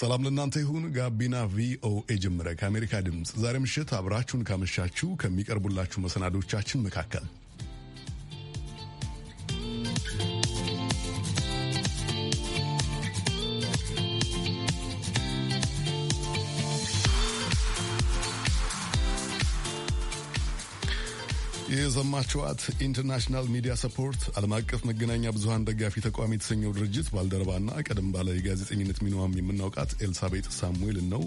ሰላም ለእናንተ ይሁን። ጋቢና ቪኦኤ ጀምረ ከአሜሪካ ድምፅ ዛሬ ምሽት አብራችሁን ካመሻችሁ ከሚቀርቡላችሁ መሰናዶቻችን መካከል የሰማችኋት ኢንተርናሽናል ሚዲያ ሰፖርት ዓለም አቀፍ መገናኛ ብዙሃን ደጋፊ ተቋም የተሰኘው ድርጅት ባልደረባና ቀደም ባለ የጋዜጠኝነት ሚናዋም የምናውቃት ኤልሳቤጥ ሳሙኤልን ነው።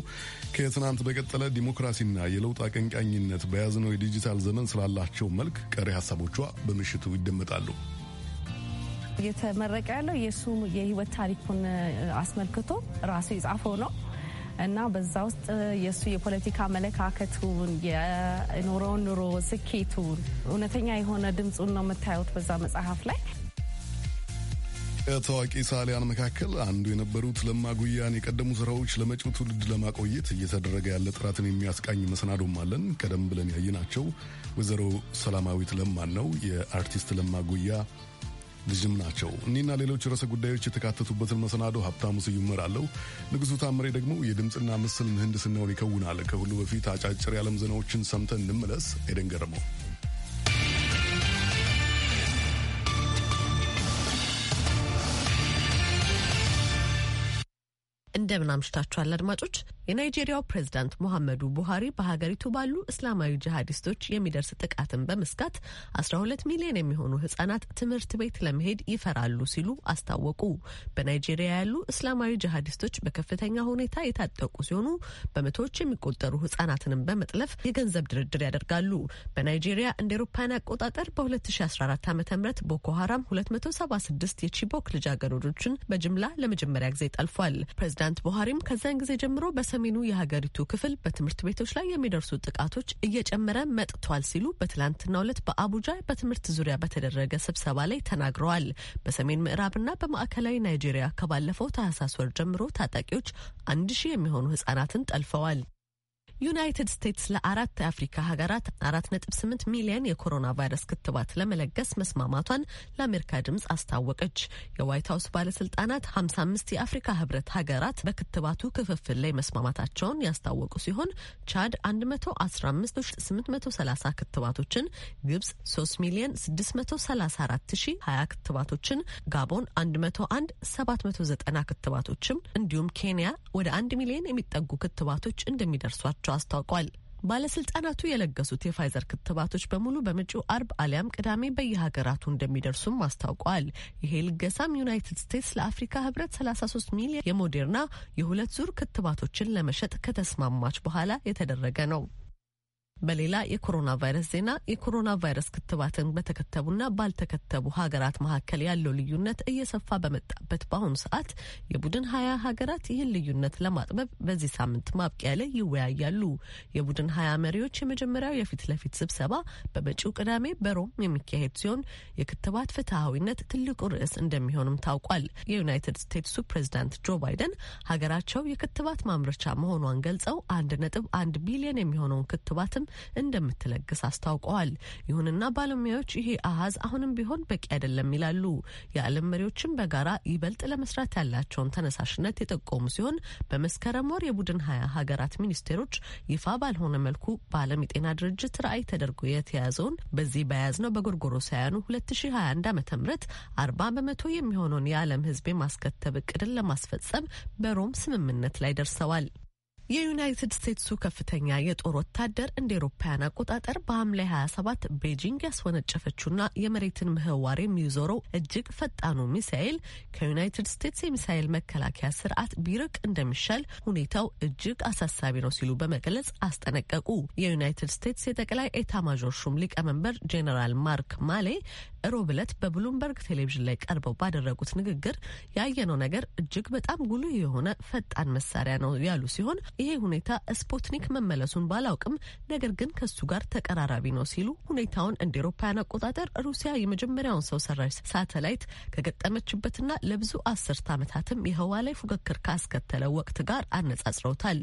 ከትናንት በቀጠለ ዲሞክራሲና የለውጥ አቀንቃኝነት በያዝነው የዲጂታል ዘመን ስላላቸው መልክ ቀሪ ሀሳቦቿ በምሽቱ ይደመጣሉ። እየተመረቀ ያለው የእሱ የህይወት ታሪኩን አስመልክቶ ራሱ የጻፈው ነው። እና በዛ ውስጥ የእሱ የፖለቲካ አመለካከቱን የኖረውን ኑሮ ስኬቱን እውነተኛ የሆነ ድምፁን ነው የምታዩት በዛ መጽሐፍ ላይ። ከታዋቂ ሳሊያን መካከል አንዱ የነበሩት ለማ ጉያን የቀደሙ ስራዎች ለመጪው ትውልድ ለማቆየት እየተደረገ ያለ ጥራትን የሚያስቃኝ መሰናዶም አለን። ቀደም ብለን ያየናቸው ወይዘሮ ሰላማዊት ለማን ነው የአርቲስት ለማ ጉያ ልጅም ናቸው። እኒና ሌሎች ርዕሰ ጉዳዮች የተካተቱበትን መሰናዶ ሀብታሙ ስዩም እመራለሁ። ንጉሡ ታምሬ ደግሞ የድምፅና ምስል ምህንድስናውን ይከውናል። ከሁሉ በፊት አጫጭር የዓለም ዜናዎችን ሰምተን እንመለስ። ኤደን ገረመው እንደምን አምሽታችኋል አድማጮች። የናይጄሪያው ፕሬዝዳንት ሙሐመዱ ቡሃሪ በሀገሪቱ ባሉ እስላማዊ ጂሀዲስቶች የሚደርስ ጥቃትን በመስጋት 12 ሚሊዮን የሚሆኑ ህጻናት ትምህርት ቤት ለመሄድ ይፈራሉ ሲሉ አስታወቁ። በናይጄሪያ ያሉ እስላማዊ ጂሀዲስቶች በከፍተኛ ሁኔታ የታጠቁ ሲሆኑ በመቶዎች የሚቆጠሩ ህጻናትንም በመጥለፍ የገንዘብ ድርድር ያደርጋሉ። በናይጄሪያ እንደ ኤሮፓን አቆጣጠር በ2014 ዓ ም ቦኮ ሀራም 276 የቺቦክ ልጃገረዶችን በጅምላ ለመጀመሪያ ጊዜ ጠልፏል። ፕሬዚዳንት ቡሃሪም ከዚያን ጊዜ ጀምሮ በሰሜኑ የሀገሪቱ ክፍል በትምህርት ቤቶች ላይ የሚደርሱ ጥቃቶች እየጨመረ መጥቷል ሲሉ በትላንትናው ዕለት በአቡጃ በትምህርት ዙሪያ በተደረገ ስብሰባ ላይ ተናግረዋል። በሰሜን ምዕራብና በማዕከላዊ ናይጄሪያ ከባለፈው ታህሳስ ወር ጀምሮ ታጣቂዎች አንድ ሺህ የሚሆኑ ህጻናትን ጠልፈዋል። ዩናይትድ ስቴትስ ለአራት የአፍሪካ ሀገራት አራት ነጥብ ስምንት ሚሊየን የኮሮና ቫይረስ ክትባት ለመለገስ መስማማቷን ለአሜሪካ ድምጽ አስታወቀች። የዋይት ሀውስ ባለስልጣናት ሀምሳ አምስት የአፍሪካ ህብረት ሀገራት በክትባቱ ክፍፍል ላይ መስማማታቸውን ያስታወቁ ሲሆን ቻድ አንድ መቶ አስራ አምስት ሺ ስምንት መቶ ሰላሳ ክትባቶችን፣ ግብጽ ሶስት ሚሊየን ስድስት መቶ ሰላሳ አራት ሺ ሀያ ክትባቶችን፣ ጋቦን አንድ መቶ አንድ ሰባት መቶ ዘጠና ክትባቶችም እንዲሁም ኬንያ ወደ አንድ ሚሊየን የሚጠጉ ክትባቶች እንደሚደርሷቸው መሆናቸው አስታውቋል። ባለስልጣናቱ የለገሱት የፋይዘር ክትባቶች በሙሉ በመጪው አርብ አሊያም ቅዳሜ በየሀገራቱ እንደሚደርሱም አስታውቀዋል። ይሄ ልገሳም ዩናይትድ ስቴትስ ለአፍሪካ ህብረት 33 ሚሊዮን የሞዴርና የሁለት ዙር ክትባቶችን ለመሸጥ ከተስማማች በኋላ የተደረገ ነው። በሌላ የኮሮና ቫይረስ ዜና የኮሮና ቫይረስ ክትባትን በተከተቡና ባልተከተቡ ሀገራት መካከል ያለው ልዩነት እየሰፋ በመጣበት በአሁኑ ሰዓት የቡድን ሀያ ሀገራት ይህን ልዩነት ለማጥበብ በዚህ ሳምንት ማብቂያ ላይ ይወያያሉ። የቡድን ሀያ መሪዎች የመጀመሪያው የፊት ለፊት ስብሰባ በመጪው ቅዳሜ በሮም የሚካሄድ ሲሆን የክትባት ፍትሐዊነት ትልቁ ርዕስ እንደሚሆንም ታውቋል። የዩናይትድ ስቴትሱ ፕሬዚዳንት ጆ ባይደን ሀገራቸው የክትባት ማምረቻ መሆኗን ገልጸው አንድ ነጥብ አንድ ቢሊዮን የሚሆነውን ክትባትም እንደምትለግስ አስታውቀዋል። ይሁንና ባለሙያዎች ይሄ አሀዝ አሁንም ቢሆን በቂ አይደለም ይላሉ። የዓለም መሪዎችም በጋራ ይበልጥ ለመስራት ያላቸውን ተነሳሽነት የጠቆሙ ሲሆን በመስከረም ወር የቡድን ሀያ ሀገራት ሚኒስቴሮች ይፋ ባልሆነ መልኩ በዓለም የጤና ድርጅት ራዕይ ተደርጎ የተያዘውን በዚህ በያዝነው በጎርጎሮሳውያኑ 2021 ዓ ም 40 በመቶ የሚሆነውን የዓለም ሕዝብ የማስከተብ እቅድን ለማስፈጸም በሮም ስምምነት ላይ ደርሰዋል። የዩናይትድ ስቴትሱ ከፍተኛ የጦር ወታደር እንደ ኤሮፓያን አቆጣጠር በሐምሌ 27 ቤጂንግ ያስወነጨፈችውና የመሬትን ምህዋር የሚዞረው እጅግ ፈጣኑ ሚሳኤል ከዩናይትድ ስቴትስ የሚሳኤል መከላከያ ስርዓት ቢርቅ እንደሚሻል ሁኔታው እጅግ አሳሳቢ ነው ሲሉ በመግለጽ አስጠነቀቁ። የዩናይትድ ስቴትስ የጠቅላይ ማዦር ሹም ሊቀመንበር ጄኔራል ማርክ ማሌ ሮብ ዕለት በብሉምበርግ ቴሌቪዥን ላይ ቀርበው ባደረጉት ንግግር ያየነው ነገር እጅግ በጣም ጉልህ የሆነ ፈጣን መሳሪያ ነው ያሉ ሲሆን ይሄ ሁኔታ ስፑትኒክ መመለሱን ባላውቅም ነገር ግን ከሱ ጋር ተቀራራቢ ነው ሲሉ ሁኔታውን እንደ ኤሮፓያን አቆጣጠር ሩሲያ የመጀመሪያውን ሰው ሰራሽ ሳተላይት ከገጠመችበትና ለብዙ አስርት ዓመታትም የህዋ ላይ ፉክክር ካስከተለ ወቅት ጋር አነጻጽረውታል።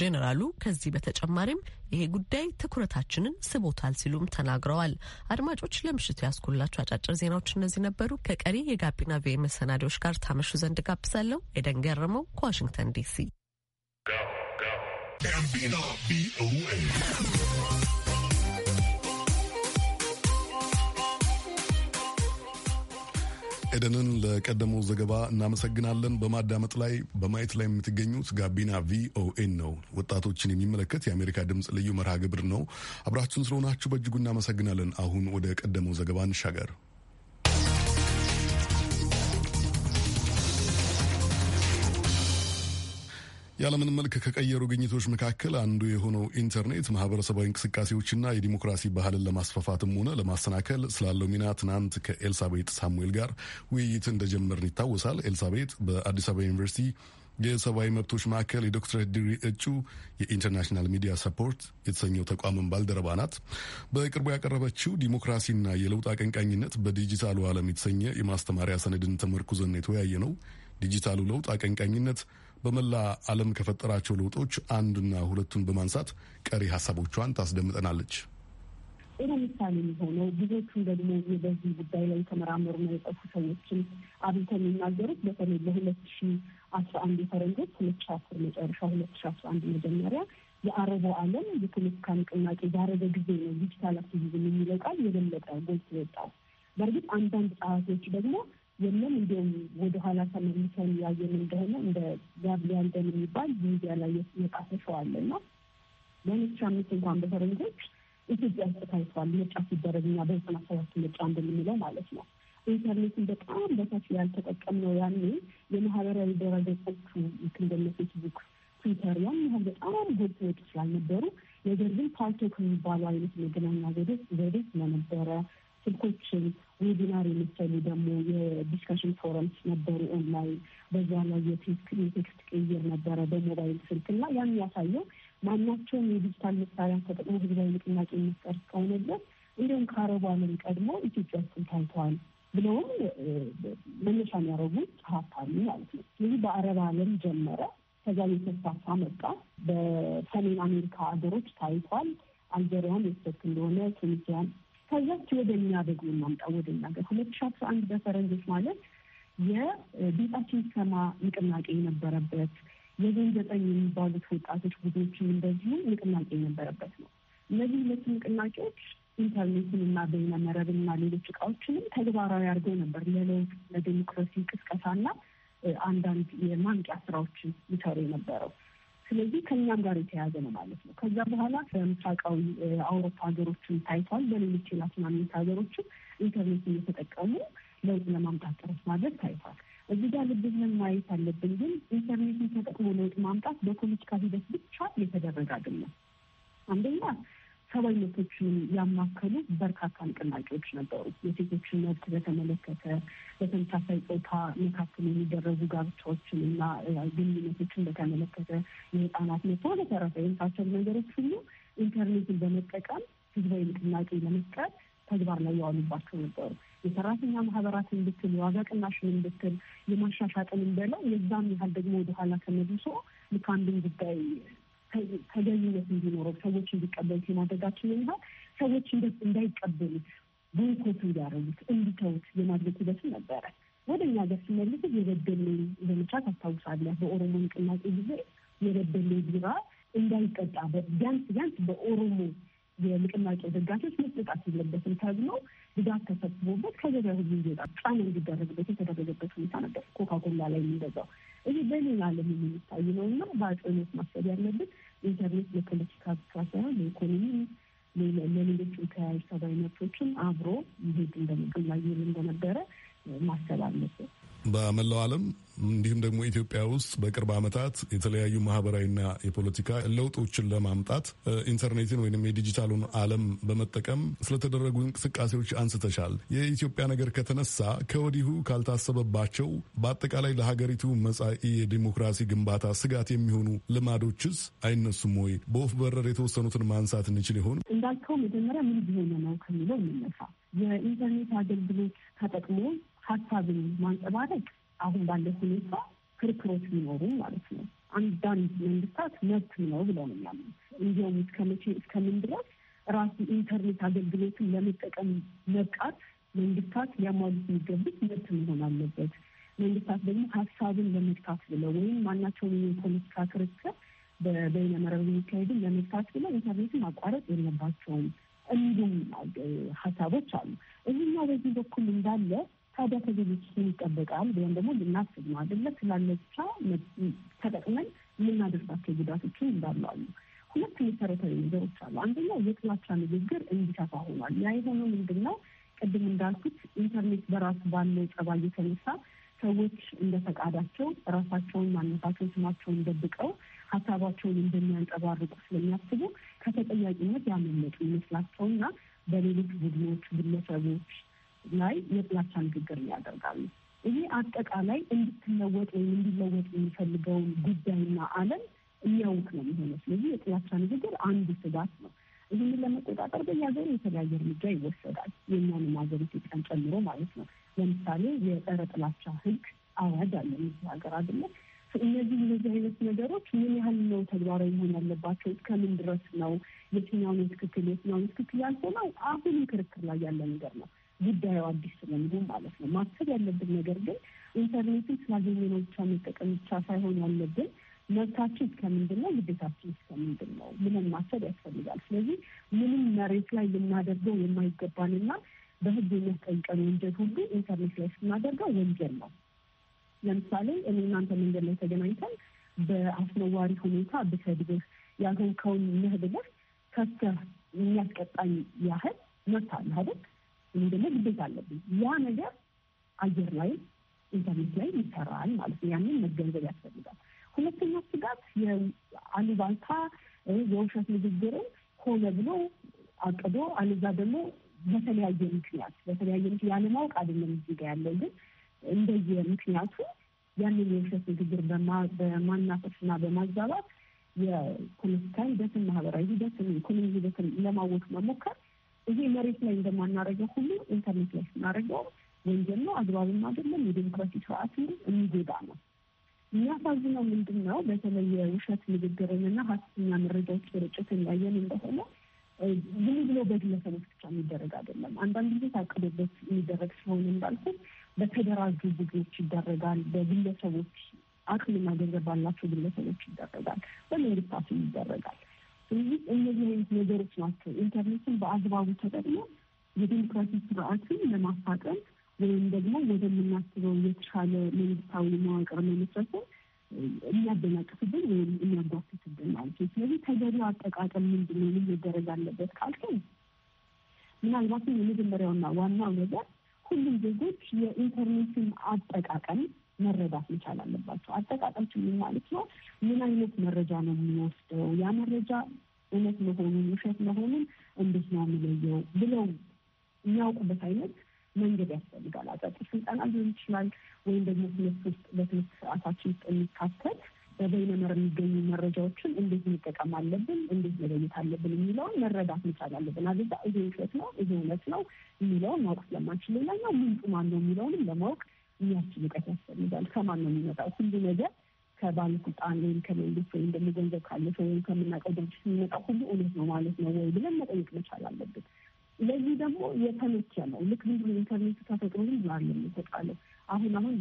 ጄኔራሉ ከዚህ በተጨማሪም ይሄ ጉዳይ ትኩረታችንን ስቦታል ሲሉም ተናግረዋል። አድማጮች ለምሽቱ ያስኩላቸው አጫጭር ዜናዎች እነዚህ ነበሩ። ከቀሪ የጋቢና ቪኦኤ መሰናዶዎች ጋር ታመሹ ዘንድ ጋብዛለሁ። ኤደን ገረመው ከዋሽንግተን ዲሲ ኤደንን ለቀደመው ዘገባ እናመሰግናለን። በማዳመጥ ላይ በማየት ላይ የምትገኙት ጋቢና ቪኦኤን ነው። ወጣቶችን የሚመለከት የአሜሪካ ድምፅ ልዩ መርሃ ግብር ነው። አብራችሁን ስለሆናችሁ በእጅጉ እናመሰግናለን። አሁን ወደ ቀደመው ዘገባ እንሻገር። የዓለምን መልክ ከቀየሩ ግኝቶች መካከል አንዱ የሆነው ኢንተርኔት ማህበረሰባዊ እንቅስቃሴዎችና የዲሞክራሲ ባህልን ለማስፋፋትም ሆነ ለማሰናከል ስላለው ሚና ትናንት ከኤልሳቤጥ ሳሙኤል ጋር ውይይት እንደጀመርን ይታወሳል። ኤልሳቤጥ በአዲስ አበባ ዩኒቨርሲቲ የሰብአዊ መብቶች ማዕከል የዶክትሬት ዲግሪ እጩ የኢንተርናሽናል ሚዲያ ሰፖርት የተሰኘው ተቋምን ባልደረባ ናት። በቅርቡ ያቀረበችው ዲሞክራሲና የለውጥ አቀንቃኝነት በዲጂታሉ ዓለም የተሰኘ የማስተማሪያ ሰነድን ተመርኩዘን የተወያየ ነው። ዲጂታሉ ለውጥ አቀንቃኝነት በመላ ዓለም ከፈጠራቸው ለውጦች አንድና ሁለቱን በማንሳት ቀሪ ሀሳቦቿን ታስደምጠናለች። ጥሩ ምሳሌ የሚሆነው ብዙዎቹም ደግሞ በዚህ ጉዳይ ላይ የተመራመሩና የጠፉ ሰዎችን አብልተ የሚናገሩት በተለይ ለሁለት ሺ አስራ አንድ የፈረንጆች ሁለት ሺ አስር መጨረሻ ሁለት ሺ አስራ አንድ መጀመሪያ የአረበው ዓለም የፖለቲካ ንቅናቄ ባረገ ጊዜ ነው ዲጂታል አክቲቪዝም የሚለው ቃል የበለጠ ጎልቶ ወጣው። በእርግጥ አንዳንድ ጸሐፊዎች ደግሞ የለም እንዲሁም ወደኋላ ተመልሰን ያየን እንደሆነ እንደ ጋብሊያን ደን የሚባል ሚዲያ ላይ የጣፈ ሰው አለ እና ለሁለት ሺህ አምስት እንኳን በፈረንጆች ኢትዮጵያ ውስጥ ታይቷል። ምርጫ ሲደረግ እኛ በዘጠና ሰባት ምርጫ እንደምንለው ማለት ነው። ኢንተርኔትን በጣም በታች ያልተጠቀምነው ያኔ የማህበራዊ ድረገጾቹ ልክ እንደነ ፌስቡክ፣ ትዊተር ያን ያህል በጣም ጎልተወጡ ስላልነበሩ ነገር ግን ፓርቶ ከሚባሉ አይነት መገናኛ ዘዴ ስለነበረ ስልኮችን ዌቢናር የመሰሉ ደግሞ የዲስካሽን ፎረምስ ነበሩ ኦንላይን። በዛ ላይ የቴክስት ቅይር ነበረ በሞባይል ስልክ እና ያን ያሳየው ማናቸውም የዲጂታል መሳሪያ ተጠቅሞ ህዝባዊ ንቅናቄ መፍጠር እስከሆነ ድረስ እንዲሁም ከአረቡ ዓለም ቀድሞ ኢትዮጵያ ውስጥም ታይተዋል ብለውም መነሻ የሚያደርጉ ጸሐፍ አሉ ማለት ነው። ስለዚህ በአረብ ዓለም ጀመረ፣ ከዛ የተስፋፋ መጣ። በሰሜን አሜሪካ ሀገሮች ታይቷል። አልጀሪያን የሰት እንደሆነ ቱኒዚያን ከዛች ወደ እኛ ደግሞ እናምጣ ወደ እኛ ገር ሁለት ሺ አስራ አንድ በፈረንጆች ማለት የቤታችን ሰማ ንቅናቄ የነበረበት የዘን ዘጠኝ የሚባሉት ወጣቶች ቡድኖችም እንደዚሁ ንቅናቄ የነበረበት ነው። እነዚህ ሁለቱ ንቅናቄዎች ኢንተርኔትን እና በይነ መረብን እና ሌሎች እቃዎችንም ተግባራዊ አድርገው ነበር ለለውጥ ለዴሞክራሲ ቅስቀሳና አንዳንድ የማንቂያ ስራዎችን ይሰሩ የነበረው ስለዚህ ከእኛም ጋር የተያያዘ ነው ማለት ነው። ከዛ በኋላ በምስራቃዊ አውሮፓ ሀገሮችን ታይቷል። በሌሎች የላቲን ሀገሮችም ኢንተርኔት እየተጠቀሙ ለውጥ ለማምጣት ጥረት ማድረግ ታይቷል። እዚህ ጋር ልብ ብለን ማየት አለብን። ግን ኢንተርኔትን ተጠቅሞ ለውጥ ማምጣት በፖለቲካ ሂደት ብቻ የተደረገ አይደለም። አንደኛ ሰብአዊ መብቶችንም ያማከሉ በርካታ ንቅናቄዎች ነበሩ። የሴቶችን መብት በተመለከተ፣ በተመሳሳይ ፆታ መካከል የሚደረጉ ጋብቻዎችን እና ግንኙነቶችን በተመለከተ፣ የህፃናት መብት በተረፈ የመሳሰሉ ነገሮች ሁሉ ኢንተርኔትን በመጠቀም ህዝባዊ ንቅናቄ ለመፍጠር ተግባር ላይ የዋሉባቸው ነበሩ። የሰራተኛ ማህበራትን ብትል የዋጋ ቅናሽን ብትል የማሻሻጥን በለው የዛም ያህል ደግሞ ወደኋላ ተመልሶ ልክ አንዱን ጉዳይ ተገቢነት እንዲኖረው ሰዎች እንዲቀበሉ የማድረጋችን የሚሆን ሰዎች እንዳይቀበሉት ቦይኮት እንዲያደርጉት እንዲተውት የማድረግ ሂደቱ ነበረ። ወደ እኛ ሀገር ስመልስ የበደሌ ዘመቻ ታስታውሳለህ? በኦሮሞ ንቅናቄ ጊዜ የበደሌ ቢራ እንዳይጠጣ ቢያንስ ቢያንስ በኦሮሞ የንቅናቄ ደጋፊዎች መጠጣት የለበትም ተብሎ ድጋፍ ተሰብስቦበት ከገበያ ሁሉ እንዲወጣ ጫና እንዲደረግበት የተደረገበት ሁኔታ ነበር። ኮካኮላ ላይ የሚገዛው ይሄ በሌላ ዓለም የሚታይ ነው እና በአጽንኦት ማሰብ ያለብን ኢንተርኔት ለፖለቲካ ብቻ ሳይሆን ለኢኮኖሚ፣ ለሌሎችም ተያያዥ ሰብአዊ አብሮ ይሄድ እንደምግብ እንደነበረ ማሰብ አለብን። በመላው ዓለም እንዲሁም ደግሞ ኢትዮጵያ ውስጥ በቅርብ ዓመታት የተለያዩ ማህበራዊና የፖለቲካ ለውጦችን ለማምጣት ኢንተርኔትን ወይም የዲጂታሉን ዓለም በመጠቀም ስለተደረጉ እንቅስቃሴዎች አንስተሻል። የኢትዮጵያ ነገር ከተነሳ ከወዲሁ ካልታሰበባቸው በአጠቃላይ ለሀገሪቱ መጻኢ የዲሞክራሲ ግንባታ ስጋት የሚሆኑ ልማዶችስ አይነሱም ወይ? በወፍ በረር የተወሰኑትን ማንሳት እንችል ይሆን? እንዳልከው መጀመሪያ ምን ቢሆነ ነው ከሚለው የኢንተርኔት አገልግሎት ተጠቅሞ ሀሳብን ማንጸባረቅ አሁን ባለው ሁኔታ ክርክሮች ሊኖሩ ማለት ነው። አንዳንድ መንግስታት መብት ነው ብለው ነው የሚያምኑት። እንዲሁም እስከመቼ እስከምን ድረስ ራሱ ኢንተርኔት አገልግሎትን ለመጠቀም መብቃት መንግስታት ሊያሟሉት የሚገቡት መብት መሆን አለበት። መንግስታት ደግሞ ሀሳብን ለመግታት ብለው ወይም ማናቸውም የፖለቲካ ክርክር በበይነመረብ የሚካሄድን ለመግታት ብለው ኢንተርኔትን ማቋረጥ የለባቸውም። እንዲሁም ሀሳቦች አሉ። እዚህኛው በዚህ በኩል እንዳለ ታዲያ ከሌሎች ይጠበቃል ወይም ደግሞ ልናስብ ነው አደለ ስላለ ብቻ ተጠቅመን የምናደርሳቸው ጉዳቶችን እንዳለዋሉ ሁለት መሰረታዊ ነገሮች አሉ። አንደኛው የጥላቻ ንግግር እንዲሰፋ ሆኗል። ያ የሆነው ምንድን ነው? ቅድም እንዳልኩት ኢንተርኔት በራሱ ባለው ጸባይ የተነሳ ሰዎች እንደ ፈቃዳቸው ራሳቸውን፣ ማንነታቸውን፣ ስማቸውን ደብቀው ሀሳባቸውን እንደሚያንጸባርቁ ስለሚያስቡ ከተጠያቂነት ያመለጡ ይመስላቸውና በሌሎች ቡድኖች፣ ግለሰቦች ላይ የጥላቻ ንግግር ያደርጋሉ። ይሄ አጠቃላይ እንድትለወጥ ወይም እንዲለወጥ የሚፈልገውን ጉዳይና ዓለም የሚያውቅ ነው የሚሆነው። ስለዚህ የጥላቻ ንግግር አንዱ ስጋት ነው። ይህንን ለመቆጣጠር በየሀገሩ የተለያየ እርምጃ ይወሰዳል። የእኛንም ሀገር ኢትዮጵያን ጨምሮ ማለት ነው። ለምሳሌ የጸረ ጥላቻ ህግ አዋጅ አለ ምስ ሀገር አይደለ? እነዚህ እነዚህ አይነት ነገሮች ምን ያህል ነው ተግባራዊ መሆን ያለባቸው? እስከምን ድረስ ነው? የትኛውን ትክክል የትኛውን ትክክል ያልሆነው አሁንም ክርክር ላይ ያለ ነገር ነው። ጉዳዩ አዲስ ስለሚሆን ማለት ነው። ማሰብ ያለብን ነገር ግን ኢንተርኔትን ስላገኘነው ብቻ መጠቀም ብቻ ሳይሆን ያለብን መብታችን እስከምንድን ነው፣ ግዴታችን እስከምንድን ነው ምንም ማሰብ ያስፈልጋል። ስለዚህ ምንም መሬት ላይ የምናደርገው የማይገባንና በሕግ የሚያስጠይቀን ወንጀል ሁሉ ኢንተርኔት ላይ ስናደርገው ወንጀል ነው። ለምሳሌ እኔ እናንተ መንገድ ላይ ተገናኝተን በአስነዋሪ ሁኔታ ብሰድብህ ያልሆንከውን ነህ ብለህ ከስከ የሚያስቀጣኝ ያህል መብት አለ አይደል? ወይም ደግሞ ግዴታ አለብኝ። ያ ነገር አየር ላይ ኢንተርኔት ላይ ይሰራል ማለት ነው። ያንን መገንዘብ ያስፈልጋል። ሁለተኛው ስጋት የአሉባልታ የውሸት ንግግርን ሆነ ብሎ አቅዶ አለዛ ደግሞ በተለያየ ምክንያት በተለያየ ምክ ያለማወቅ አይደለም እዚህ ጋ ያለው ግን እንደየ ምክንያቱ ያንን የውሸት ንግግር በማናፈስ በማናፈስና በማዛባት የፖለቲካ ሂደትን፣ ማህበራዊ ሂደትን፣ ኢኮኖሚ ሂደትን ለማወቅ መሞከር እዚህ መሬት ላይ እንደማናደርገው ሁሉ ኢንተርኔት ላይ ስናደርገው ወንጀል ነው፣ አግባብም አይደለም፣ የዴሞክራሲ ስርዓትን የሚጎዳ ነው። የሚያሳዝነው ምንድን ነው? በተለይ የውሸት እና ሀሰተኛ መረጃዎች ስርጭት ያየን እንደሆነ ዝም ብሎ በግለሰቦች ብቻ የሚደረግ አይደለም። አንዳንድ ጊዜ ታቅዶበት የሚደረግ ሲሆን እንዳልኩ በተደራጁ ቡድኖች ይደረጋል። በግለሰቦች አቅምና ገንዘብ ባላቸው ግለሰቦች ይደረጋል። በመንግስታትም ይደረጋል። ስለዚህ እነዚህ አይነት ነገሮች ናቸው ኢንተርኔትን በአግባቡ ተጠቅሞ የዲሞክራሲ ስርዓትን ለማፋጠን ወይም ደግሞ ወደምናስበው የተሻለ መንግስታዊ መዋቅር መመስረትን የሚያደናቅፍብን ወይም የሚያጓፍትብን ማለት ነው። ስለዚህ ተገቢው አጠቃቀም ምንድን ነው መደረግ አለበት ካልከኝ፣ ምናልባትም የመጀመሪያውና ዋናው ነገር ሁሉም ዜጎች የኢንተርኔትን አጠቃቀም መረዳት መቻል አለባቸው። አጠቃቀም ምን ማለት ነው? ምን አይነት መረጃ ነው የሚወስደው? ያ መረጃ እውነት መሆኑን ውሸት መሆኑን እንዴት ነው የሚለየው? ብለው የሚያውቁበት አይነት መንገድ ያስፈልጋል። አጫጭር ስልጠና ሊሆን ይችላል፣ ወይም ደግሞ ትምህርት ውስጥ በትምህርት ሰዓታችን ውስጥ የሚካተት በበይነመር የሚገኙ መረጃዎችን እንዴት መጠቀም አለብን፣ እንዴት መለየት አለብን የሚለውን መረዳት መቻል አለብን። አገዛ ይሄ ውሸት ነው፣ ይሄ እውነት ነው የሚለውን ማወቅ ስለማንችል ሌላኛው ምንጩ ማን ነው የሚለውንም ለማወቅ የሚያስችል እውቀት ያስፈልጋል። ከማን ነው የሚመጣው? ሁሉ ነገር ከባለስልጣን ወይም ከመንግስት ወይም ደግሞ ገንዘብ ካለ ሰው ወይም ከምናውቀው ድርጅት የሚመጣው ሁሉ እውነት ነው ማለት ነው ወይ ብለን መጠየቅ መቻል አለብን። ለዚህ ደግሞ የተመቸ ነው። ልክ ምንድ ኢንተርኔቱ ተፈጥሮ ዝም ብሎ አሁን አሁን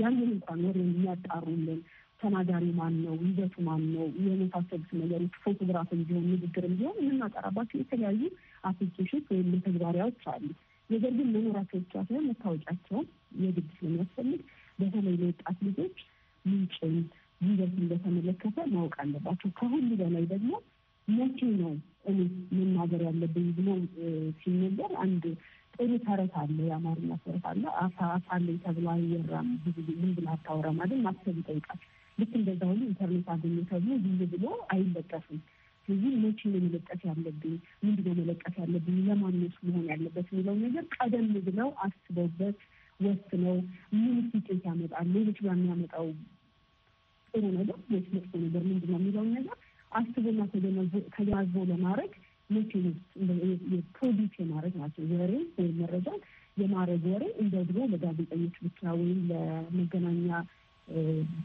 ያንን እንኳን ወር የሚያጣሩልን ተናጋሪ ማን ነው፣ ይዘቱ ማን ነው፣ የመሳሰሉት ነገሮች ፎቶግራፍ ቢሆን ንግግር ቢሆን የምናጠራባቸው የተለያዩ አፕሊኬሽን ወይም ተግባሪያዎች አሉ። ነገር ግን መኖራቸው ብቻ ሳይሆን መታወቂያቸውም የግድ ስለሚያስፈልግ በተለይ ለወጣት ልጆች ምንጭን ይዘትን በተመለከተ ማወቅ አለባቸው። ከሁሉ በላይ ደግሞ መቼ ነው እኔ መናገር ያለብኝ ብሎ ሲነገር አንድ ጥሩ ተረት አለ፣ የአማርኛ ተረት አለ። አሳ አሳለኝ ተብሎ አይወራም። ብዙ ምን ብለህ አታወራም ማለት ማሰብ ይጠይቃል። ልክ እንደዛ ሁሉ ኢንተርኔት አገኘ ተብሎ ዝም ብሎ አይለጠፍም። ስለዚህ ሞችን ነው መለቀስ ያለብኝ፣ ምንድነው መለቀስ ያለብኝ፣ ለማነሱ መሆን ያለበት የሚለው ነገር ቀደም ብለው አስበውበት ወስነው ምን ውጤት ያመጣል፣ ሌሎች በሚያመጣው ጥሩ ነገር ወይስ መጥፎ ነገር ምንድነው የሚለውን ነገር አስቦና ተገናዝቦ ለማድረግ ሞችን ፕሮዲስ የማድረግ ናቸው ወሬ ወይም መረጃ የማድረግ ወሬ እንደ ድሮ ለጋዜጠኞች ብቻ ወይም ለመገናኛ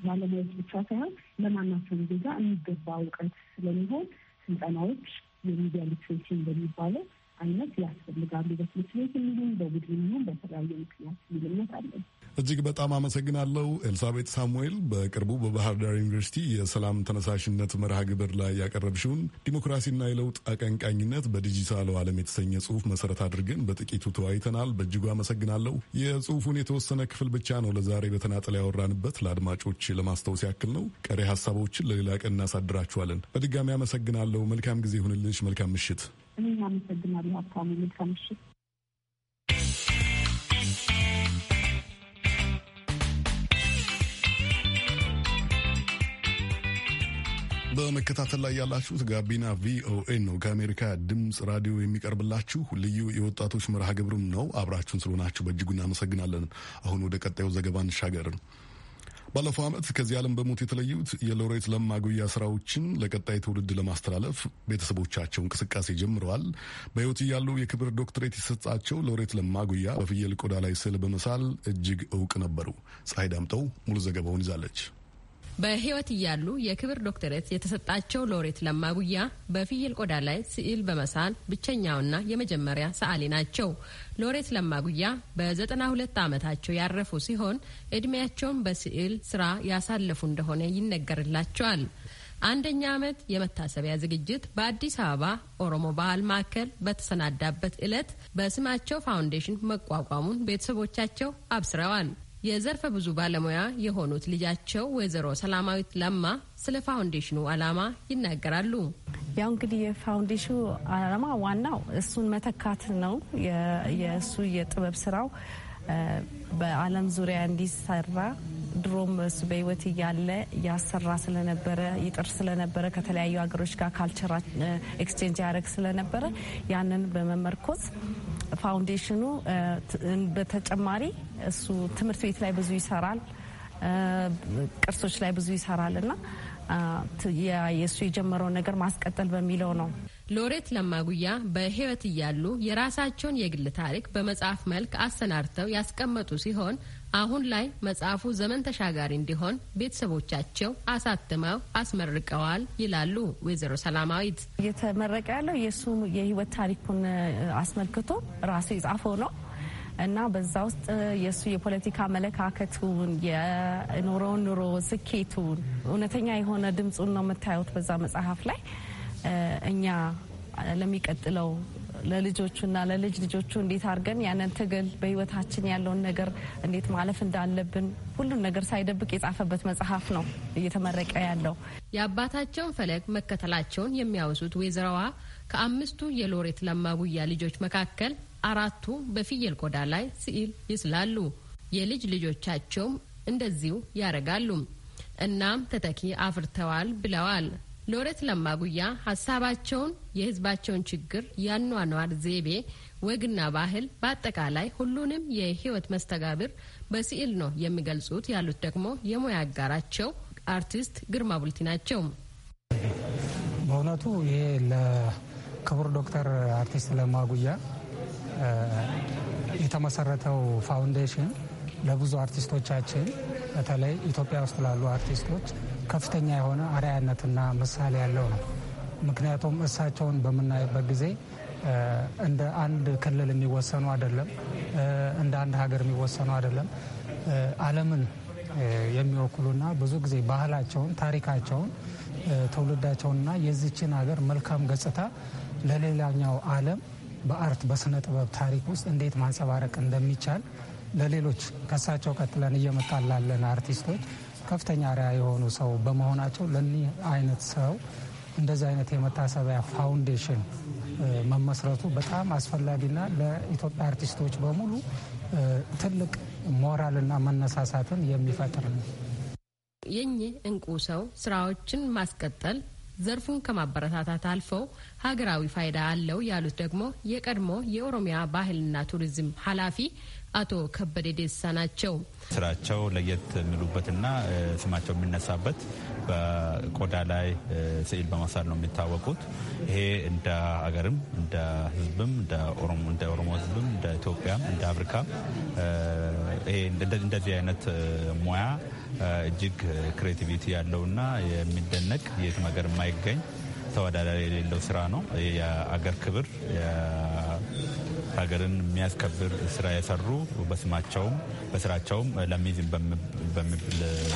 ባለሙያዎች ብቻ ሳይሆን ለማናቸውም ዜጋ የሚገባ እውቀት ስለሚሆን ስልጠናዎች የሚዲያ ሊትሬሲ እንደሚባለው አይነት ያስፈልጋሉ። በትምህርት ቤት የሚሆን በቡድን የሚሆን በተለያየ ምክንያት ልዩነት አለን። እጅግ በጣም አመሰግናለሁ ኤልሳቤጥ ሳሙኤል። በቅርቡ በባህር ዳር ዩኒቨርሲቲ የሰላም ተነሳሽነት መርሃ ግብር ላይ ያቀረብሽውን ዲሞክራሲና የለውጥ አቀንቃኝነት በዲጂታሉ ዓለም የተሰኘ ጽሁፍ መሰረት አድርገን በጥቂቱ ተወያይተናል። በእጅጉ አመሰግናለሁ። የጽሁፉን የተወሰነ ክፍል ብቻ ነው ለዛሬ በተናጠል ያወራንበት፣ ለአድማጮች ለማስታወስ ያክል ነው። ቀሪ ሀሳቦችን ለሌላ ቀን እናሳድራችኋለን። በድጋሚ አመሰግናለሁ። መልካም ጊዜ ይሁንልሽ። መልካም ምሽት። እኔም አመሰግናለሁ። መልካም ምሽት። በመከታተል ላይ ያላችሁት ጋቢና ቪኦኤ ነው። ከአሜሪካ ድምፅ ራዲዮ የሚቀርብላችሁ ልዩ የወጣቶች መርሃ ግብርም ነው። አብራችሁን ስለሆናችሁ በእጅጉ እናመሰግናለን። አሁን ወደ ቀጣዩ ዘገባ እንሻገር። ባለፈው ዓመት ከዚህ ዓለም በሞት የተለዩት የሎሬት ለማ ስራዎችን ለቀጣይ ትውልድ ለማስተላለፍ ቤተሰቦቻቸው እንቅስቃሴ ጀምረዋል። በሕይወት እያሉ የክብር ዶክትሬት የሰጣቸው ሎሬት ለማ በፍየል ቆዳ ላይ ስዕል በመሳል እጅግ እውቅ ነበሩ። ፀሐይ ዳምጠው ሙሉ ዘገባውን ይዛለች። በሕይወት እያሉ የክብር ዶክተሬት የተሰጣቸው ሎሬት ለማ ጉያ በፍየል ቆዳ ላይ ስዕል በመሳል ብቸኛውና የመጀመሪያ ሰዓሊ ናቸው። ሎሬት ለማ ጉያ በዘጠና ሁለት ዓመታቸው ያረፉ ሲሆን እድሜያቸውን በስዕል ስራ ያሳለፉ እንደሆነ ይነገርላቸዋል። አንደኛ ዓመት የመታሰቢያ ዝግጅት በአዲስ አበባ ኦሮሞ ባህል ማዕከል በተሰናዳበት ዕለት በስማቸው ፋውንዴሽን መቋቋሙን ቤተሰቦቻቸው አብስረዋል። የዘርፈ ብዙ ባለሙያ የሆኑት ልጃቸው ወይዘሮ ሰላማዊት ለማ ስለ ፋውንዴሽኑ አላማ ይናገራሉ። ያው እንግዲህ የፋውንዴሽኑ አላማ ዋናው እሱን መተካት ነው። የእሱ የጥበብ ስራው በዓለም ዙሪያ እንዲሰራ ድሮም እሱ በህይወት እያለ ያሰራ ስለነበረ ይጥር ስለነበረ ከተለያዩ ሀገሮች ጋር ካልቸራ ኤክስቼንጅ ያደረግ ስለነበረ ያንን በመመርኮዝ ፋውንዴሽኑ በተጨማሪ እሱ ትምህርት ቤት ላይ ብዙ ይሰራል፣ ቅርሶች ላይ ብዙ ይሰራል እና የእሱ የጀመረውን ነገር ማስቀጠል በሚለው ነው። ሎሬት ለማጉያ በህይወት እያሉ የራሳቸውን የግል ታሪክ በመጽሐፍ መልክ አሰናድተው ያስቀመጡ ሲሆን አሁን ላይ መጽሐፉ ዘመን ተሻጋሪ እንዲሆን ቤተሰቦቻቸው አሳትመው አስመርቀዋል ይላሉ ወይዘሮ ሰላማዊት። እየተመረቀ ያለው የእሱ የህይወት ታሪኩን አስመልክቶ ራሱ የጻፈው ነው እና በዛ ውስጥ የእሱ የፖለቲካ አመለካከቱን የኖረውን ኑሮ ስኬቱን እውነተኛ የሆነ ድምፁን ነው የምታዩት በዛ መጽሐፍ ላይ እኛ ለሚቀጥለው ለልጆቹና ለልጅ ልጆቹ እንዴት አድርገን ያንን ትግል በህይወታችን ያለውን ነገር እንዴት ማለፍ እንዳለብን ሁሉን ነገር ሳይደብቅ የጻፈበት መጽሐፍ ነው እየተመረቀ ያለው። የአባታቸውን ፈለግ መከተላቸውን የሚያወሱት ወይዘሮዋ ከአምስቱ የሎሬት ለማጉያ ልጆች መካከል አራቱ በፍየል ቆዳ ላይ ስዕል ይስላሉ። የልጅ ልጆቻቸውም እንደዚሁ ያደርጋሉ። እናም ተተኪ አፍርተዋል ብለዋል። ሎሬት ለማጉያ ሀሳባቸውን የህዝባቸውን ችግር፣ ያኗኗር ዘይቤ፣ ወግና ባህል፣ በአጠቃላይ ሁሉንም የህይወት መስተጋብር በስዕል ነው የሚገልጹት ያሉት ደግሞ የሙያ አጋራቸው አርቲስት ግርማ ቡልቲ ናቸው። በእውነቱ ይሄ ለክቡር ዶክተር አርቲስት ለማጉያ የተመሰረተው ፋውንዴሽን ለብዙ አርቲስቶቻችን በተለይ ኢትዮጵያ ውስጥ ላሉ አርቲስቶች ከፍተኛ የሆነ አርአያነትና ምሳሌ ያለው ነው። ምክንያቱም እሳቸውን በምናይበት ጊዜ እንደ አንድ ክልል የሚወሰኑ አይደለም፣ እንደ አንድ ሀገር የሚወሰኑ አይደለም። ዓለምን የሚወክሉና ብዙ ጊዜ ባህላቸውን፣ ታሪካቸውን፣ ትውልዳቸውንና የዚችን ሀገር መልካም ገጽታ ለሌላኛው ዓለም በአርት በስነ ጥበብ ታሪክ ውስጥ እንዴት ማንጸባረቅ እንደሚቻል ለሌሎች ከሳቸው ቀጥለን እየመጣላለን አርቲስቶች ከፍተኛ ሪያ የሆኑ ሰው በመሆናቸው ለኒህ አይነት ሰው እንደዚህ አይነት የመታሰቢያ ፋውንዴሽን መመስረቱ በጣም አስፈላጊና ለኢትዮጵያ አርቲስቶች በሙሉ ትልቅ ሞራልና መነሳሳትን የሚፈጥር ነው። የኚህ እንቁ ሰው ስራዎችን ማስቀጠል ዘርፉን ከማበረታታት አልፈው ሀገራዊ ፋይዳ አለው ያሉት ደግሞ የቀድሞ የኦሮሚያ ባህልና ቱሪዝም ኃላፊ አቶ ከበደ ደሳ ናቸው። ስራቸው ለየት የሚሉበትና ስማቸው የሚነሳበት በቆዳ ላይ ስዕል በማሳል ነው የሚታወቁት። ይሄ እንደ ሀገርም እንደ ህዝብም እንደ ኦሮሞ ህዝብም እንደ ኢትዮጵያም እንደ አፍሪካም እንደዚህ አይነት ሙያ እጅግ ክሬቲቪቲ ያለውና የሚደነቅ የትም ሀገር የማይገኝ ተወዳዳሪ የሌለው ስራ ነው። የአገር ክብር ሀገርን የሚያስከብር ስራ የሰሩ በስማቸውም በስራቸውም ለሚዝም በሚል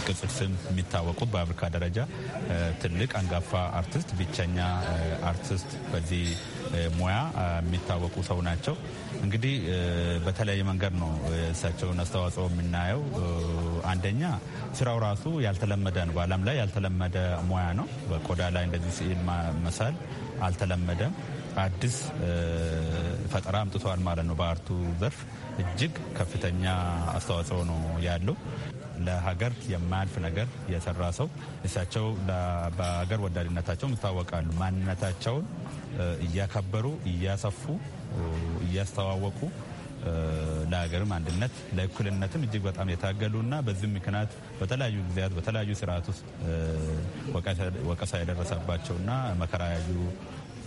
ቅጽል ስም የሚታወቁት በአፍሪካ ደረጃ ትልቅ አንጋፋ አርቲስት፣ ብቸኛ አርቲስት በዚህ ሙያ የሚታወቁ ሰው ናቸው። እንግዲህ በተለያየ መንገድ ነው የእሳቸውን አስተዋጽኦ የምናየው። አንደኛ ስራው ራሱ ያልተለመደ ነው። በዓለም ላይ ያልተለመደ ሙያ ነው። በቆዳ ላይ እንደዚህ ስዕል መሳል አልተለመደም። አዲስ ፈጠራ አምጥተዋል ማለት ነው። በአርቱ ዘርፍ እጅግ ከፍተኛ አስተዋጽኦ ነው ያለው። ለሀገር የማያልፍ ነገር የሰራ ሰው እሳቸው በሀገር ወዳድነታቸውም ይታወቃሉ። ማንነታቸውን እያከበሩ እያሰፉ እያስተዋወቁ ለሀገርም አንድነት ለእኩልነትም እጅግ በጣም እና በዚህ ምክንያት በተለያዩ ጊዜያት በተለያዩ ስርዓት ውስጥ ወቀሳ የደረሰባቸውና መከራ ያዩ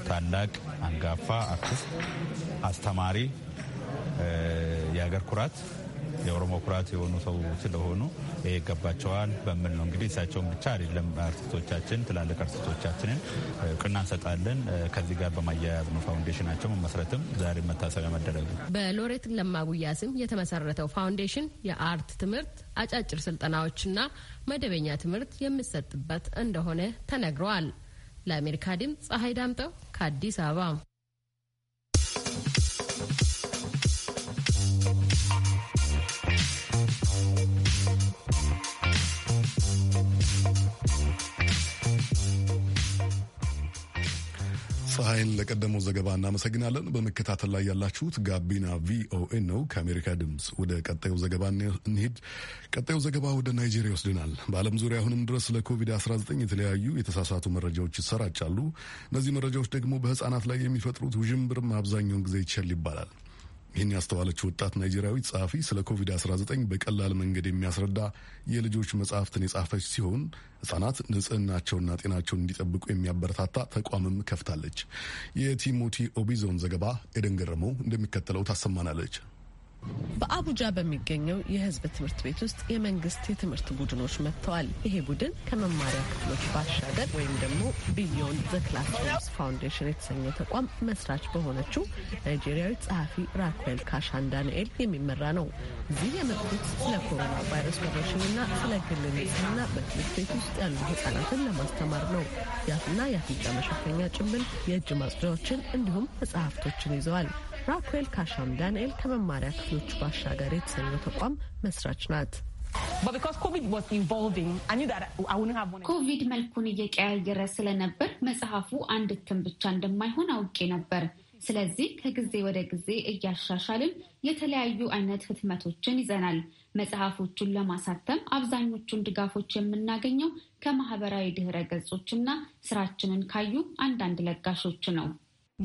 ታላቅ አንጋፋ አርቲስት፣ አስተማሪ፣ የሀገር ኩራት፣ የኦሮሞ ኩራት የሆኑ ሰው ስለሆኑ ይህ ይገባቸዋል በሚል ነው እንግዲህ እሳቸውን ብቻ አይደለም አርቲስቶቻችን ትላልቅ አርቲስቶቻችንን እውቅና እንሰጣለን። ከዚህ ጋር በማያያዝ ነው ፋውንዴሽናቸው መመስረትም ዛሬ መታሰቢያ መደረጉ። በሎሬት ለማጉያ ስም የተመሰረተው ፋውንዴሽን የአርት ትምህርት አጫጭር ስልጠናዎችና መደበኛ ትምህርት የሚሰጥበት እንደሆነ ተነግረዋል። ለአሜሪካ ድምፅ ፀሐይ ዳምጠው ከአዲስ አበባ ፀሐይን ለቀደመው ዘገባ እናመሰግናለን። በመከታተል ላይ ያላችሁት ጋቢና ቪኦኤ ነው ከአሜሪካ ድምፅ። ወደ ቀጣዩ ዘገባ እንሄድ። ቀጣዩ ዘገባ ወደ ናይጄሪያ ይወስድናል። በዓለም ዙሪያ አሁንም ድረስ ለኮቪድ-19 የተለያዩ የተሳሳቱ መረጃዎች ይሰራጫሉ። እነዚህ መረጃዎች ደግሞ በሕፃናት ላይ የሚፈጥሩት ውዥንብርም አብዛኛውን ጊዜ ይቸል ይባላል። ይህን ያስተዋለች ወጣት ናይጄሪያዊ ጸሐፊ ስለ ኮቪድ-19 በቀላል መንገድ የሚያስረዳ የልጆች መጽሐፍትን የጻፈች ሲሆን ህጻናት ንጽህናቸውና ጤናቸውን እንዲጠብቁ የሚያበረታታ ተቋምም ከፍታለች። የቲሞቲ ኦቢዞን ዘገባ ኤደን ገረመው እንደሚከተለው ታሰማናለች። በአቡጃ በሚገኘው የሕዝብ ትምህርት ቤት ውስጥ የመንግስት የትምህርት ቡድኖች መጥተዋል። ይሄ ቡድን ከመማሪያ ክፍሎች ባሻገር ወይም ደግሞ ቢዮንድ ዘ ክላስሩምስ ፋውንዴሽን የተሰኘው ተቋም መስራች በሆነችው ናይጄሪያዊ ጸሐፊ ራኩዌል ካሻን ዳንኤል የሚመራ ነው። እዚህ የመጡት ስለ ኮሮና ቫይረስ ወረርሽኝና ስለ ግል ንጽህና በትምህርት ቤት ውስጥ ያሉ ህጻናትን ለማስተማር ነው። የአፍና የአፍንጫ መሸፈኛ ጭንብል፣ የእጅ ማጽጃዎችን እንዲሁም መጽሐፍቶችን ይዘዋል። ራኩኤል ካሻም ዳንኤል ከመማሪያ ክፍሎች ባሻገር የተሰኘው ተቋም መስራች ናት። ኮቪድ መልኩን እየቀያየረ ስለነበር መጽሐፉ አንድ እትም ብቻ እንደማይሆን አውቄ ነበር። ስለዚህ ከጊዜ ወደ ጊዜ እያሻሻልን የተለያዩ አይነት ህትመቶችን ይዘናል። መጽሐፎቹን ለማሳተም አብዛኞቹን ድጋፎች የምናገኘው ከማህበራዊ ድህረ ገጾች ስራችንን ካዩ አንዳንድ ለጋሾች ነው።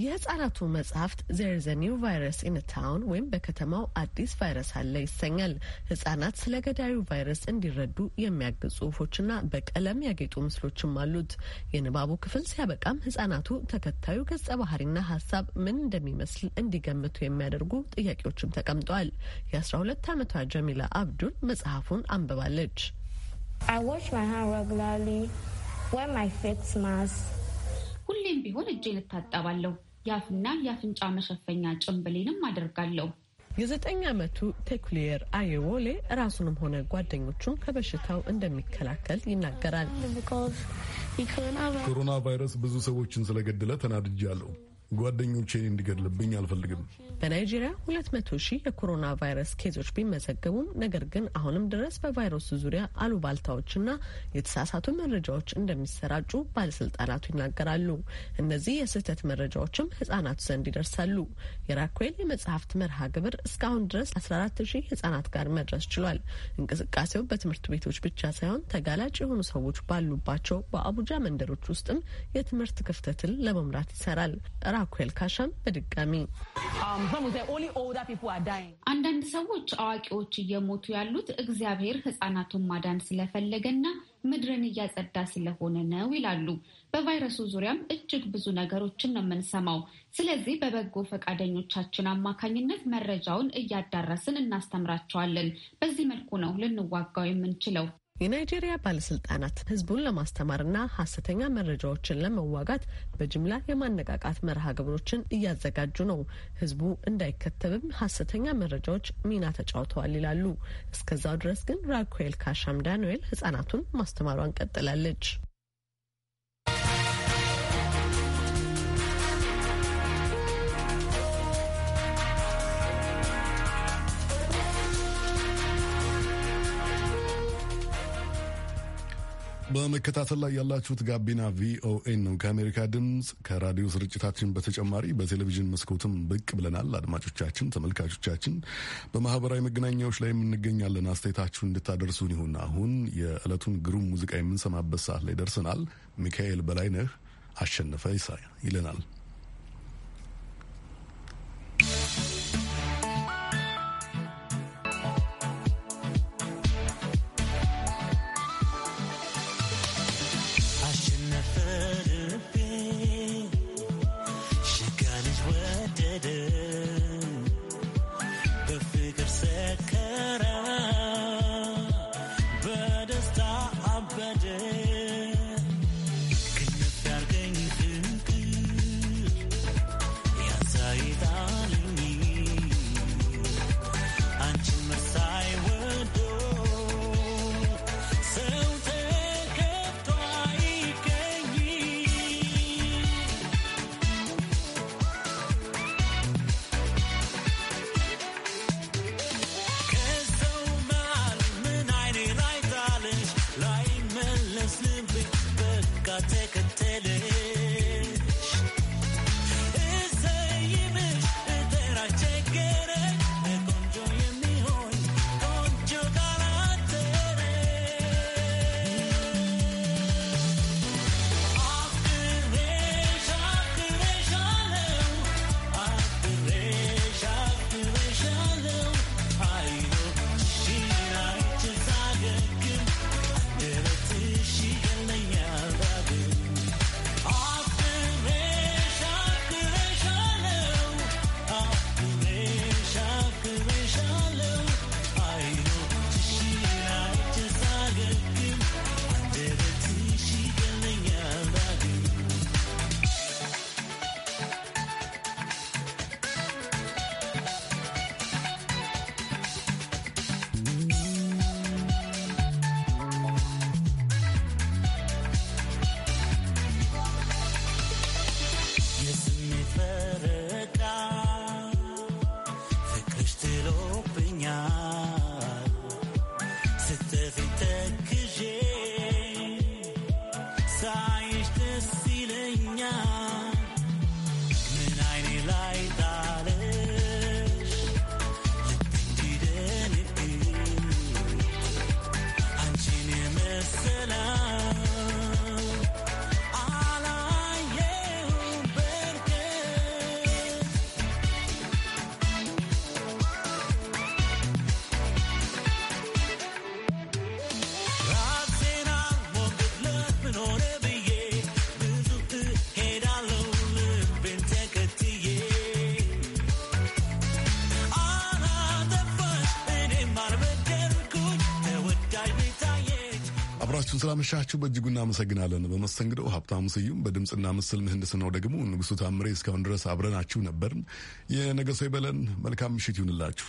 የህጻናቱ መጽሐፍት ዘር ኒው ቫይረስ ኢን ታውን ወይም በከተማው አዲስ ቫይረስ አለ ይሰኛል። ህጻናት ስለ ገዳዩ ቫይረስ እንዲረዱ የሚያግዝ ጽሁፎችና በቀለም ያጌጡ ምስሎችም አሉት። የንባቡ ክፍል ሲያበቃም ህጻናቱ ተከታዩ ገጸ ባህሪና ሀሳብ ምን እንደሚመስል እንዲገምቱ የሚያደርጉ ጥያቄዎችም ተቀምጠዋል። የ የ12 ዓመቷ ጀሚላ አብዱል መጽሐፉን አንብባለች። I wash my hand regularly, wear my face mask. ሁሌም ቢሆን እጄን እታጠባለሁ። የአፍና የአፍንጫ መሸፈኛ ጭንብሌንም አደርጋለሁ። የዘጠኝ ዓመቱ ቴኩሊየር አየዎሌ ራሱንም ሆነ ጓደኞቹን ከበሽታው እንደሚከላከል ይናገራል። ኮሮና ቫይረስ ብዙ ሰዎችን ስለገደለ ተናድጃለሁ። ጓደኞቼን እንዲገድልብኝ አልፈልግም። በናይጄሪያ ሁለት መቶ ሺህ የኮሮና ቫይረስ ኬዞች ቢመዘገቡም ነገር ግን አሁንም ድረስ በቫይረሱ ዙሪያ አሉባልታዎችና የተሳሳቱ መረጃዎች እንደሚሰራጩ ባለስልጣናቱ ይናገራሉ። እነዚህ የስህተት መረጃዎችም ህጻናቱ ዘንድ ይደርሳሉ። የራኩዌል የመጽሐፍት መርሃ ግብር እስካሁን ድረስ 14 ሺህ ህጻናት ጋር መድረስ ችሏል። እንቅስቃሴው በትምህርት ቤቶች ብቻ ሳይሆን ተጋላጭ የሆኑ ሰዎች ባሉባቸው በአቡጃ መንደሮች ውስጥም የትምህርት ክፍተትን ለመምራት ይሰራል። አኩል ካሻም በድጋሚ አንዳንድ ሰዎች አዋቂዎች እየሞቱ ያሉት እግዚአብሔር ህጻናቱን ማዳን ስለፈለገና ምድርን እያጸዳ ስለሆነ ነው ይላሉ። በቫይረሱ ዙሪያም እጅግ ብዙ ነገሮችን ነው የምንሰማው። ስለዚህ በበጎ ፈቃደኞቻችን አማካኝነት መረጃውን እያዳረስን እናስተምራቸዋለን። በዚህ መልኩ ነው ልንዋጋው የምንችለው። የናይጄሪያ ባለስልጣናት ህዝቡን ለማስተማርና ሀሰተኛ መረጃዎችን ለመዋጋት በጅምላ የማነቃቃት መርሃ ግብሮችን እያዘጋጁ ነው። ህዝቡ እንዳይከተብም ሀሰተኛ መረጃዎች ሚና ተጫውተዋል ይላሉ። እስከዛው ድረስ ግን ራኩኤል ካሻም ዳንኤል ህጻናቱን ማስተማሯን ቀጥላለች። በመከታተል ላይ ያላችሁት ጋቢና ቪኦኤን ነው። ከአሜሪካ ድምፅ ከራዲዮ ስርጭታችን በተጨማሪ በቴሌቪዥን መስኮትም ብቅ ብለናል። አድማጮቻችን፣ ተመልካቾቻችን በማህበራዊ መገናኛዎች ላይ የምንገኛለን። አስተያየታችሁን እንድታደርሱን ይሁን። አሁን የዕለቱን ግሩም ሙዚቃ የምንሰማበት ሰዓት ላይ ደርሰናል። ሚካኤል በላይነህ አሸነፈ ይለናል። አብራችሁ ስላመሻችሁ በእጅጉ እናመሰግናለን። በመስተንግዶው ሀብታሙ ስዩም፣ በድምፅና ምስል ምህንድስናው ደግሞ ንጉሱ ታምሬ። እስካሁን ድረስ አብረናችሁ ነበርን። የነገ ሰው ይበለን። መልካም ምሽት ይሁንላችሁ።